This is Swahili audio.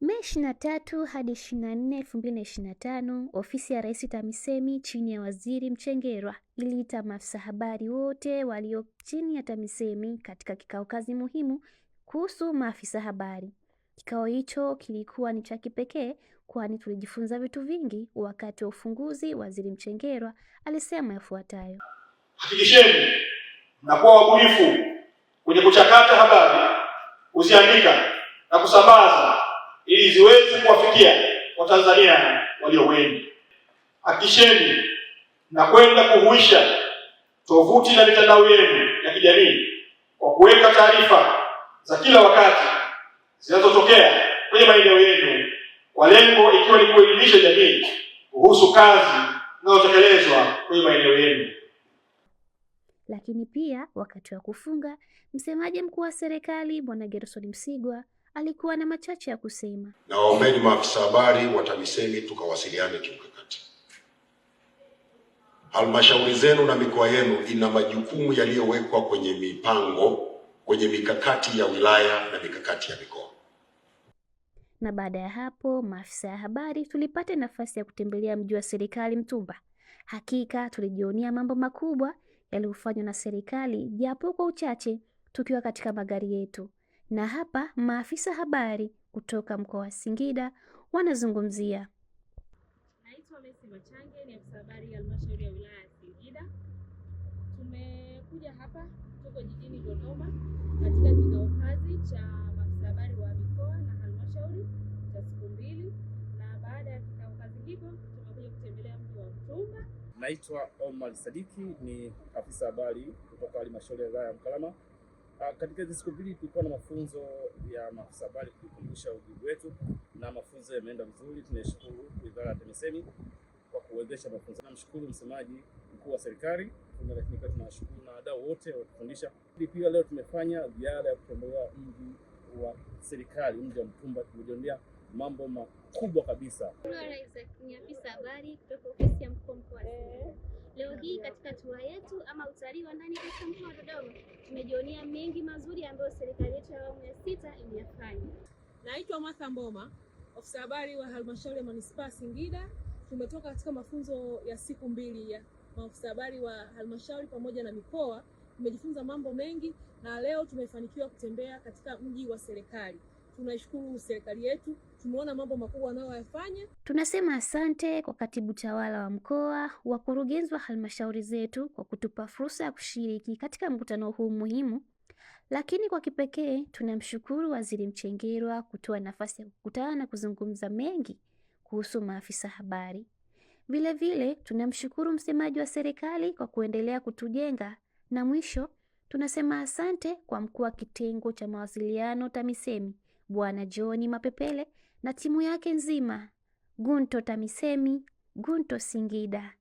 Mei 23 hadi 24, 2025, ofisi ya Rais TAMISEMI chini ya Waziri Mchengerwa iliita maafisa habari wote walio chini ya TAMISEMI katika kikao kazi muhimu kuhusu maafisa habari. Kikao hicho kilikuwa ni cha kipekee kwani tulijifunza vitu vingi. Wakati wa ufunguzi, Waziri Mchengerwa alisema yafuatayo: Hakikisheni mnakuwa wabunifu kwenye kuchakata habari, kuziandika na kusambaza ili ziweze kuwafikia Watanzania walio wengi. Hakikisheni na kwenda kuhuisha tovuti na mitandao yenu ya kijamii kwa kuweka taarifa za kila wakati zinazotokea kwenye maeneo yenu kwa lengo ikiwa ni kuelimisha jamii kuhusu kazi zinazotekelezwa kwenye maeneo yenu. Lakini pia wakati wa kufunga, msemaji mkuu wa serikali Bwana Gerson Msigwa alikuwa na machache ya kusema. Na waombeni maafisa habari wa TAMISEMI tukawasiliane kimkakati. Halmashauri zenu na mikoa yenu ina majukumu yaliyowekwa kwenye mipango, kwenye mikakati ya wilaya na mikakati ya mikoa. Na baada ya hapo, maafisa ya habari tulipata nafasi ya kutembelea mji wa serikali Mtumba. Hakika tulijionia mambo makubwa yaliyofanywa na serikali, japo kwa uchache, tukiwa katika magari yetu na hapa maafisa habari kutoka mkoa wa Singida wanazungumzia. Naitwa Messi Machange, ni afisa habari halmashauri ya wilaya ya Singida. Tumekuja hapa, tuko jijini Dodoma katika kikao kazi cha maafisa habari wa mikoa na halmashauri cha siku mbili, na baada ya kikao kazi hicho tumekuja kutembelea mji wa Mtumba. Naitwa Omar Sadiki, ni afisa habari kutoka halmashauri ya wilaya ya Mkalama. Ah, katika hizi siku mbili tulikuwa na mafunzo ya maafisa habari kuikumbusha ujibu wetu, na mafunzo yameenda vizuri. Tunashukuru wizara ya TAMISEMI kwa kuwezesha mafunzo. Namshukuru msemaji mkuu wa serikali, lakini pia tunawashukuru na wadau wote walitufundisha. Pia leo tumefanya ziara ya kutembelea mji wa serikali, mji wa Mtumba, tumejionea mambo makubwa kabisa. Ni afisa habari kutoka ofisi ya mkuu wa mkoa hii katika tura yetu ama utalii wa ndani katika mkoa wa Dodoma tumejionea mengi mazuri ambayo serikali yetu ya awamu ya sita imeyafanya. Naitwa Martha Mboma, ofisa habari wa halmashauri ya manispaa Singida. Tumetoka katika mafunzo ya siku mbili ya maofisa habari wa halmashauri pamoja na mikoa, tumejifunza mambo mengi na leo tumefanikiwa kutembea katika mji wa serikali. Tunashukuru serikali yetu, tumeona mambo makubwa wanayoyafanya. Tunasema asante kwa katibu tawala wa mkoa, wakurugenzi wa halmashauri zetu kwa kutupa fursa ya kushiriki katika mkutano huu muhimu. Lakini kwa kipekee tunamshukuru Waziri Mchengerwa kutoa nafasi ya kukutana na kuzungumza mengi kuhusu maafisa habari. Vilevile tunamshukuru msemaji wa serikali kwa kuendelea kutujenga, na mwisho tunasema asante kwa mkuu wa kitengo cha mawasiliano TAMISEMI Bwana John Mapepele na timu yake nzima, Gunto TAMISEMI, Gunto Singida.